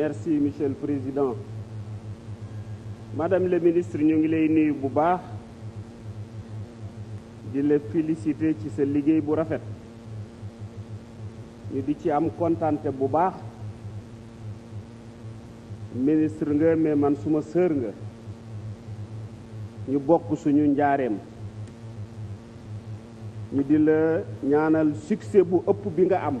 merci monsieur le président madame la ministre ñu ngi lay nuyu bu baax di la féliciter ci sa liggéey bu rafet ñu di ci am kontante bu baax ministre nga mais man suma sër nga ñu bokk suñu njaareem ñu di la ñaanal succès bu ëpp bi nga am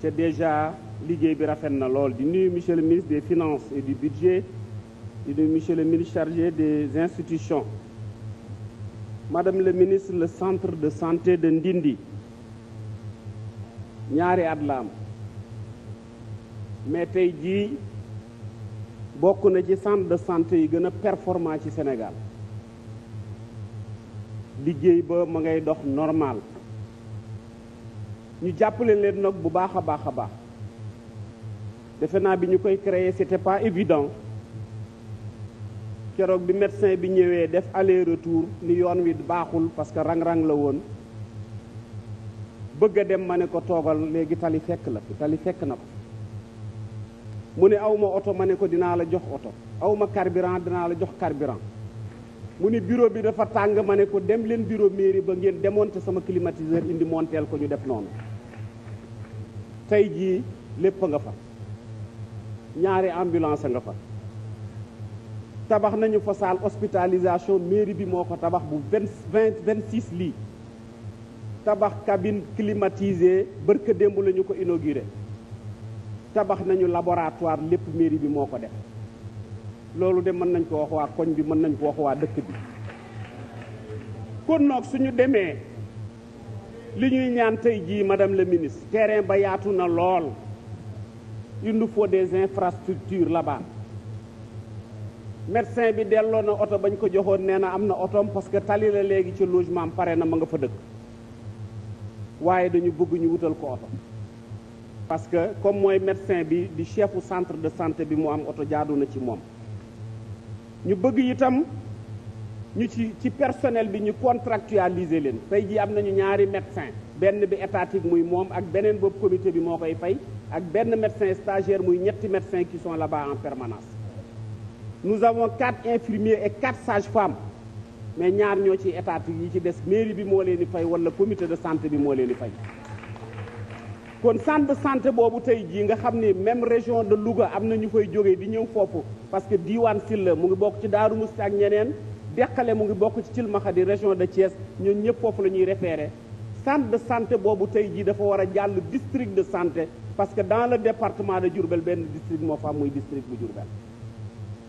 ca déjà liggéey bi rafet na lool di nuyu monsieur le ministre des finances et du budget di nuyu monsieur le ministre chargé des institutions madame le ministre le centre de santé de Ndindi ñaari at la am mais tey jii bokk na ci centre de santé yi gën a performant ci Sénégal liggéey ba ma ngay dox normal ñu jàppale leen nag bu baax a baax a baax defe naa bi ñu koy créer c'était pas évident keroog bi médecin bi ñëwee def aller retour ni yoon wi baaxul parce que rang-rang la woon bëgg a dem ma ne ko toogal léegi tali fekk la tali fekk na ko mu ne aw ma oto ma ne ko dinaa la jox oto aw ma carburant dinaa la jox carburant mu ne bureau bi dafa tàng ma ne ko dem leen bureau mairie ba ngeen démonter sama climatiseur indi monteel ko ñu def noonu tey jii lépp nga fa ñaari ambulance nga fa tabax nañu fa salle hospitalisation mairie bi moo ko tabax bu vingt vingt vingt six lii tabax cabine climatisée bërka démb la ko inauguré tabax nañu laboratoire lépp mairie bi moo ko def loolu de mën nañ ko wax waa koñ bi mën nañ ko wax waa dëkk bi kon noog suñu demee li ñuy ñaan tey jii madame la ministre terrain ba yaatu na lool il nous faut des infrastructures là-bas médecin bi delloo na oto bañ ko joxoon nee na am na otoom parce que tali la léegi ci logement pare na ma nga fa dëkk waaye dañu bëgg ñu wutal ko oto parce que comme mooy médecin bi di chefu centre de santé bi mu am oto jaadu na ci moom ñu bëgg yitam ñu ci ci personnel bi ñu contractualiser leen tey jii am nañu ñaari médecin benn bi étatique muy moom ak beneen boobu comité bi moo koy fay ak benn médecin stagiaire muy ñetti médecins qui sont là-bas en permanence nous avons quatre infirmiers et quatre sage femmes mais ñaar ñoo ci état yi ci des mairie bi moo leen di fay wala comité de santé bi moo leen di fay kon centre de santé boobu tey jii nga xam ni même région de Louga am na ñu fay jógee di ñëw foofu parce que diiwaan Silla mu ngi bokk ci Daaru Musti ak ñeneen deqale mu ngi bokk ci Cilmaxa di région de Thiès ñun ñëpp foofu la ñuy référé centre de santé boobu tey jii dafa war a jàll district de santé parce que dans le département de Diourbel benn district moo fa am muy district bu Diourbel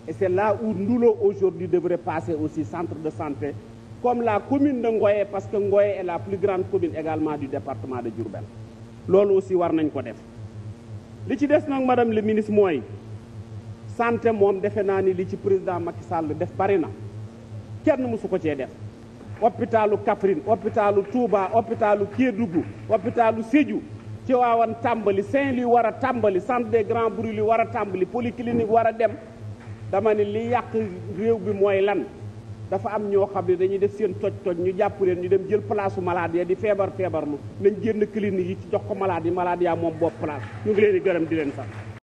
et c'est là où Ndoulo aujourd'hui devrait passer aussi centre de santé comme la commune de Ngoye parce que Ngoye est la plus grande commune également du département de Diourbel loolu aussi war nañ ko def li ci des nag madame le ministre mooy santé moom defe naa ni li ci président Macky Sall def bari na kenn mësu ko cee def hôpitalu Kaffrine hôpitalu Touba hôpitalu Kédougou hôpitalu Sédhiou ci Tiwaawan tàmbali Saint-Louis war a tàmbali sant de des bru brûlés war a tàmbali polyclinique war a dem dama ne lii yàq réew bi mooy lan dafa am ñoo xam ne dañuy def seen toj-toj ñu jàpp leen ñu dem jël place u malade di feebar feebar feebarlu nañ génn clinique yi ci jox ko malade yi malade moom bopp place ñu ngi leen di gërëm di leen sax